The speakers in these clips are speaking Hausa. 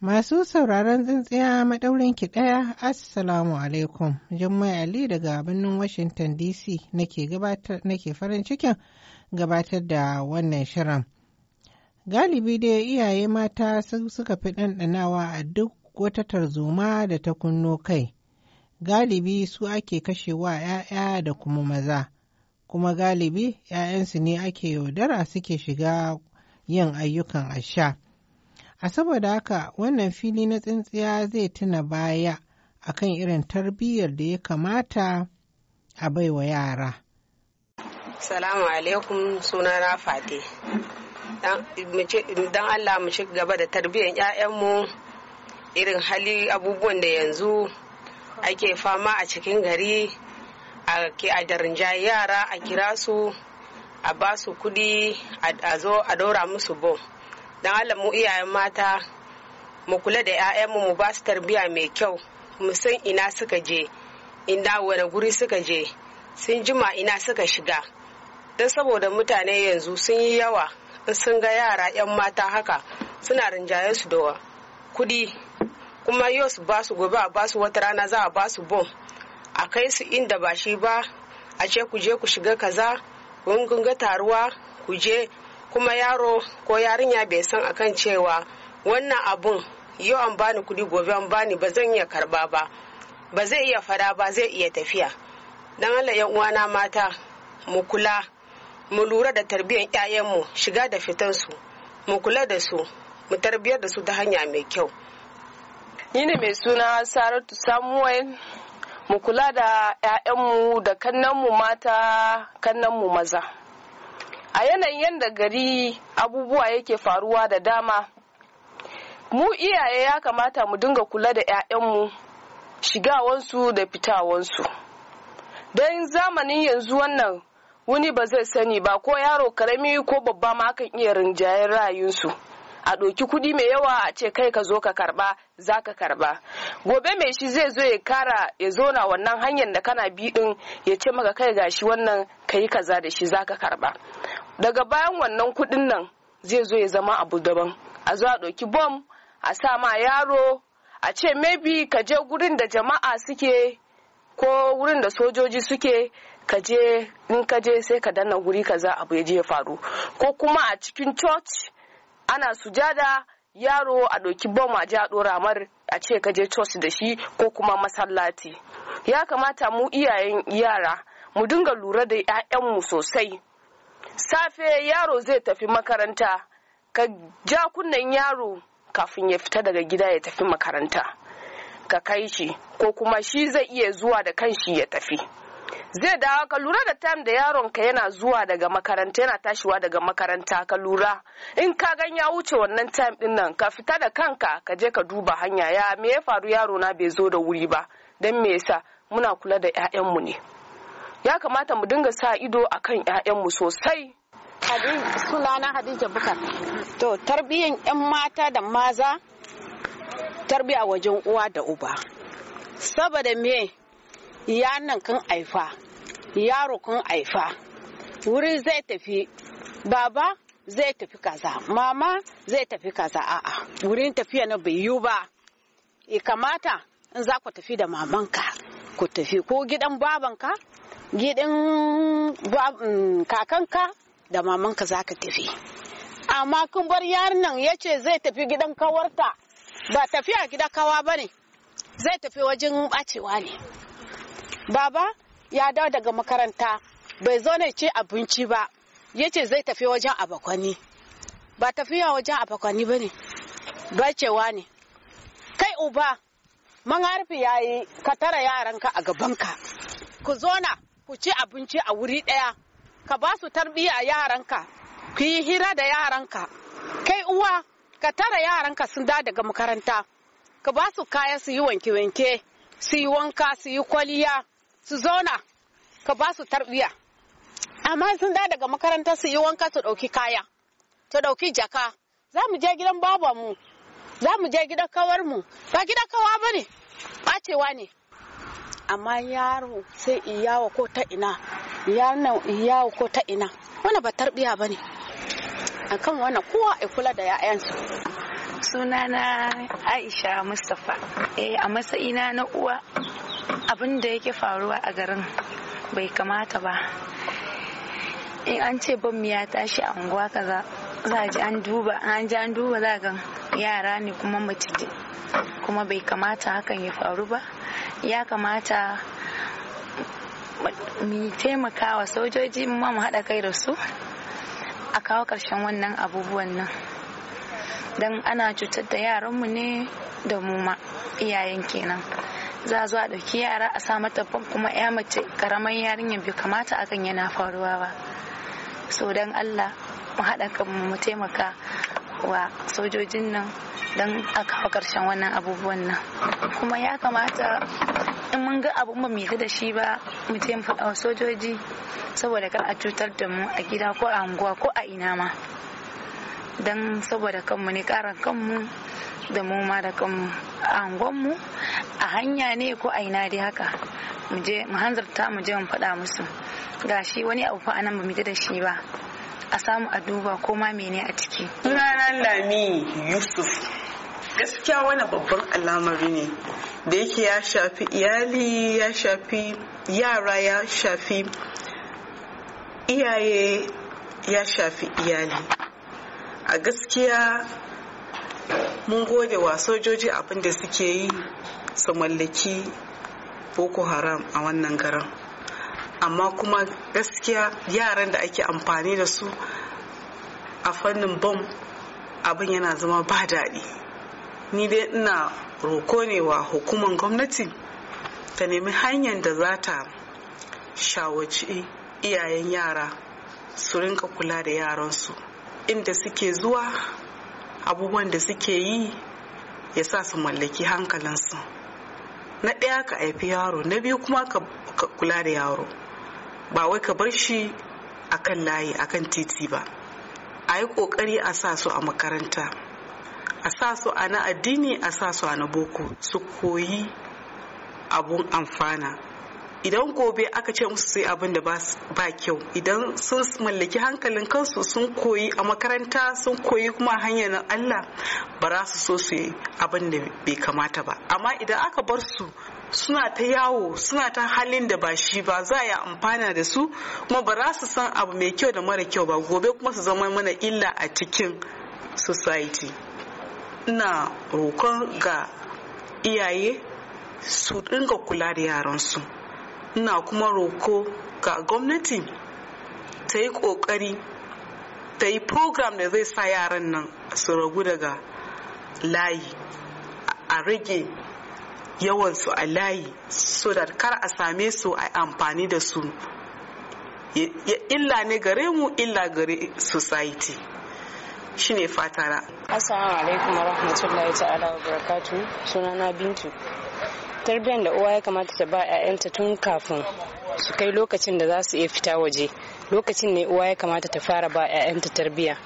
Masu sauraron tsintsiya maɗaurin ki ɗaya, Assalamu alaikum. Jummai Ali daga birnin Washington DC nake farin cikin gabatar da wannan shirin. Galibi dai iyaye mata suka fi ɗanɗanawa a duk wata tarzoma da ta kunno kai. Galibi su ake kashewa ‘ya'ya da kuma maza, kuma galibi ‘ya'yansu ne ake yaudara suke shiga yin ayyukan asha. A saboda haka wannan fili na tsintsiya zai tuna baya a kan irin tarbiyyar da ya kamata a baiwa yara. Salamu alaikum suna na fate. Don Allah mu ci gaba da tarbiyyar 'ya'yanmu irin hali abubuwan da yanzu ake fama a cikin gari a darinjaye yara a kira su a ba su kudi a zo a daura musu bom. dan Allah mu iyayen mata mu kula da 'ya'yanmu mu ba su tarbiyya mai kyau mu san ina suka je inda wani guri suka je sun jima ina suka shiga don saboda mutane yanzu sun yi yawa sun ga yara 'yan mata haka suna rinjaye su da kudi kuma yau su ba su gobe a ba su wata rana za a ba su bom a kai su inda ba shi ba a ce ku je ku shiga kaza kun ga taruwa ku je kuma yaro ko yarinya bai san akan cewa wannan abun yau an bani kuɗi gobe an bani ba zan iya karba ba ba zai iya fada ba zai iya tafiya Don Allah yan uwana mata mu kula mu lura da tarbiyyar ƴaƴanmu shiga da fitansu mu kula da su mu tarbiyar da su ta hanya mai kyau ni ne mai suna saratu samuel mu kula da 'ya'yanmu da kannanmu mata kannanmu maza a yanayin yadda gari abubuwa yake faruwa da dama mu iyaye ya kamata mu dinga kula da 'ya'yanmu shigawansu da fitawansu don zamanin yanzu wannan wuni ba zai sani ba ko yaro karami ko babba ma kan iya rinjayen ra'ayinsu a ɗoki kuɗi mai yawa a ce kai ka zo ka karba za ka karba gobe mai shi zai zo ya kara ya zona wannan hanyar da kana bi ɗin ya ce maka kai gashi wannan ka yi kaza da shi za ka karba daga bayan wannan kuɗin nan zai zo ya zama abu daban a zo a ɗauki bom a sa ma yaro a ce maybe ka je gurin da jama'a suke ko wurin da sojoji suke ka je in ka je sai ka danna guri kaza abu ya je ya faru ko kuma a cikin church ana sujada yaro a ɗauki bom a ja mar a ce ka je church da shi ko kuma masallati. ya kamata mu iyayen yara mu dinga lura da 'ya'yanmu sosai safe yaro zai tafi makaranta ka ja kunnen yaro kafin ya fita daga gida ya tafi makaranta ka kai shi ko kuma shi zai iya zuwa da kanshi ya tafi zai dawo ka lura da time da yaron ka yana zuwa daga makaranta yana tashiwa daga makaranta ka lura in ka gan ya wuce wannan time din nan ka fita da kanka ka je ka duba hanya ya me ya faru yaro na bai zo da wuri ba don me yasa muna kula da 'ya'yanmu ne ya kamata mu dinga sa ido a kan 'ya'yanmu sosai sunana hadija bukar to tarbiyyan 'yan mata da maza tarbiya wajen uwa da uba saboda me yanan kan aifa yaro kan aifa wuri zai tafi baba zai tafi kaza mama zai tafi kaza a'a wurin tafiya na bai yiwu ba e kamata in za ku tafi da mamanka ku tafi ko gidan babanka gidan mm, kakanka da mamanka za ka tafi amma kun bar yarin nan ya ce zai tafi gidan kawarta ba tafiya gida kawa ba ne zai tafi wajen bacewa ne baba ya dawo daga makaranta bai zo ne ce abinci ba ya ce zai tafi wajen abakwani ba tafiya wajen abakwani ba ne bacewa ne kai uba mangarfi ya yi ka tara yaranka a gabanka ku zona ku ci abinci a wuri ɗaya ka ba su tarbiya yaranka ku yi hira da yaranka kai uwa ka tara yaranka sun da daga makaranta ka ba su kaya su yi wanke-wanke su yi wanka su yi kwaliya su zauna ka ba su tarbiya. amma sun da daga makaranta su yi wanka su ɗauki kaya ta ɗauki jaka za mu je gidan babanmu za mu je gidan kawarmu ba gidan kawa ba ne ɓacewa ne amma yaro sai iyawa ko ta ina yaron iyawa ko ta ina wannan ba tarbiya bane akan wannan kowa ya kula da 'ya'yansu na aisha mustapha eh a matsayina na uwa abin da yake faruwa a garin bai kamata ba in an ce ban ya tashi a unguwa kaza za ji an duba an ji an duba za ga yara ne kuma mace kuma bai kamata hakan ya faru ba ya kamata mu taimaka wa sojoji ma mu haɗa kai da su a kawo ƙarshen wannan abubuwan nan don ana cutar da yaranmu ne da mu ma iyayen kenan za a zo a ɗauki yara a sa tabbon kuma ya mace ƙaramin yarinyar bai kamata akan yana faruwa ba so don allah mu haɗa kanmu mu taimaka wa sojojin nan don a kawo karshen wannan abubuwan nan kuma ya kamata in mun ga abu ba mu yi da shi ba mu je mu wa sojoji saboda kar a cutar da mu a gida ko a unguwa ko a ina ma don saboda kanmu ne karan kanmu da mu ma da kanmu a unguwanmu a hanya ne ko a ina dai haka mu je mu hanzarta mu je mu faɗa musu Ga shi wani abu fa anan ba mu da shi ba a samu a duba ko ma mene a ciki sunana lami yusuf gaskiya wani babban al'amari ne da yake ya shafi iyali ya shafi yara ya shafi iyaye ya shafi iyali a gaskiya mun gode wa sojoji abinda suke yi su mallaki boko haram a wannan garin amma kuma gaskiya yaran da ake amfani da su a fannin bom abin yana zama ba daɗi ni dai ina roko ne wa hukumar gwamnati ta nemi hanyar da za ta shawarci iyayen yara su rinka kula da yaransu inda suke zuwa abubuwan da suke yi ya sa su mallaki hankalinsu na ɗaya ka haifi yaro na biyu kuma ka kula da yaro ba wai ka bar shi a kan layi a kan titi ba a yi ƙoƙari a sa su a makaranta a sa su a na addini a sa su a na boko su koyi abun amfana idan gobe aka ce musu sai abin da ba kyau idan sun mallaki hankalin kansu sun koyi a makaranta sun koyi kuma hanyar Allah ba za su so su yi abin da bai kamata ba amma idan aka bar su suna ta yawo suna ta halin da ba shi ba za a yi amfana da su kuma ba za su san abu mai kyau da mara kyau ba gobe kuma su zama mana illa a cikin society ina roƙon ga iyaye su dinga kula da yaransu ina kuma roko ga gwamnati ta yi kokari ta yi program da zai sa yaran nan su ragu daga layi a rage yawansu a layi so da kar a same su a amfani da su illa ne gare mu illa gare society shine fatara assalamu alaikum rahmatullahi ta'ala wa barakatuh na bintu tarbiyyar da uwa ya kamata ta ba 'ya'yanta tun kafin su kai lokacin da za su iya fita waje lokacin ne uwa ya kamata ta fara ba 'ya'yanta tarbiyya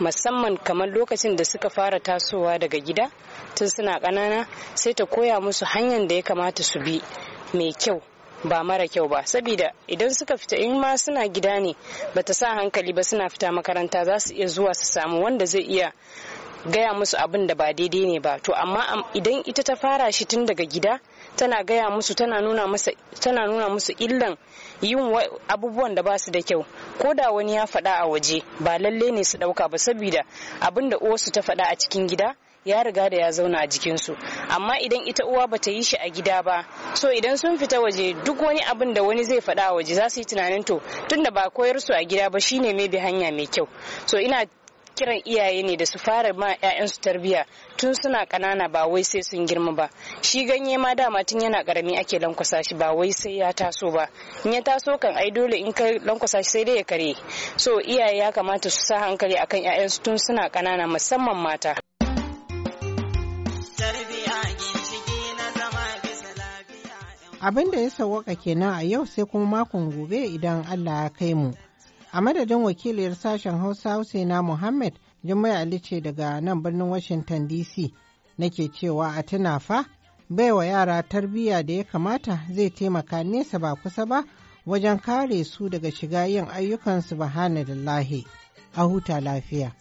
musamman kamar lokacin da suka fara tasowa daga gida tun suna ƙanana sai ta koya musu hanyar da ya kamata su bi mai kyau ba mara kyau ba sabida idan suka fita in ma suna gida ne ba ta sa hankali ba suna fita makaranta za su iya zuwa su samu wanda zai iya gaya musu abin da ba daidai ne ba to amma idan ita ta fara shi tun daga gida tana gaya musu tana nuna musu illan yin abubuwan da ba su da kyau ko da wani ya faɗa a waje ba lalle ne su ɗauka ba saboda abin da uwarsu ta faɗa a cikin gida ya riga da ya zauna a jikinsu amma idan ita uwa bata yi shi a gida ba so idan sun fita waje duk wani abin da wani zai faɗa waje za su yi tunanin to tunda ba koyar su a gida ba shine mai bi hanya mai kyau so ina kiran iyaye ne da su fara ma 'ya'yansu tarbiyya tun suna kanana ba wai sai sun girma ba shi ganye ma dama tun yana karami ake lankwasa shi ba wai sai ya taso ba in ya taso kan ai dole in kai lankwasa shi sai dai ya kare so iyaye ya kamata su sa hankali akan 'ya'yansu tun suna kanana musamman mata Abin da ya sauwaka kenan a yau sai kuma makon gobe idan Allah ya kai mu. A madadin wakiliyar sashen Hausa Husaina Muhammad Jummai Ali ce daga nan birnin Washington DC nake cewa a tuna fa baiwa yara tarbiyya da ya kamata zai taimaka nesa ba kusa ba wajen kare su daga shiga yin ayyukan subhanallahi a huta lafiya.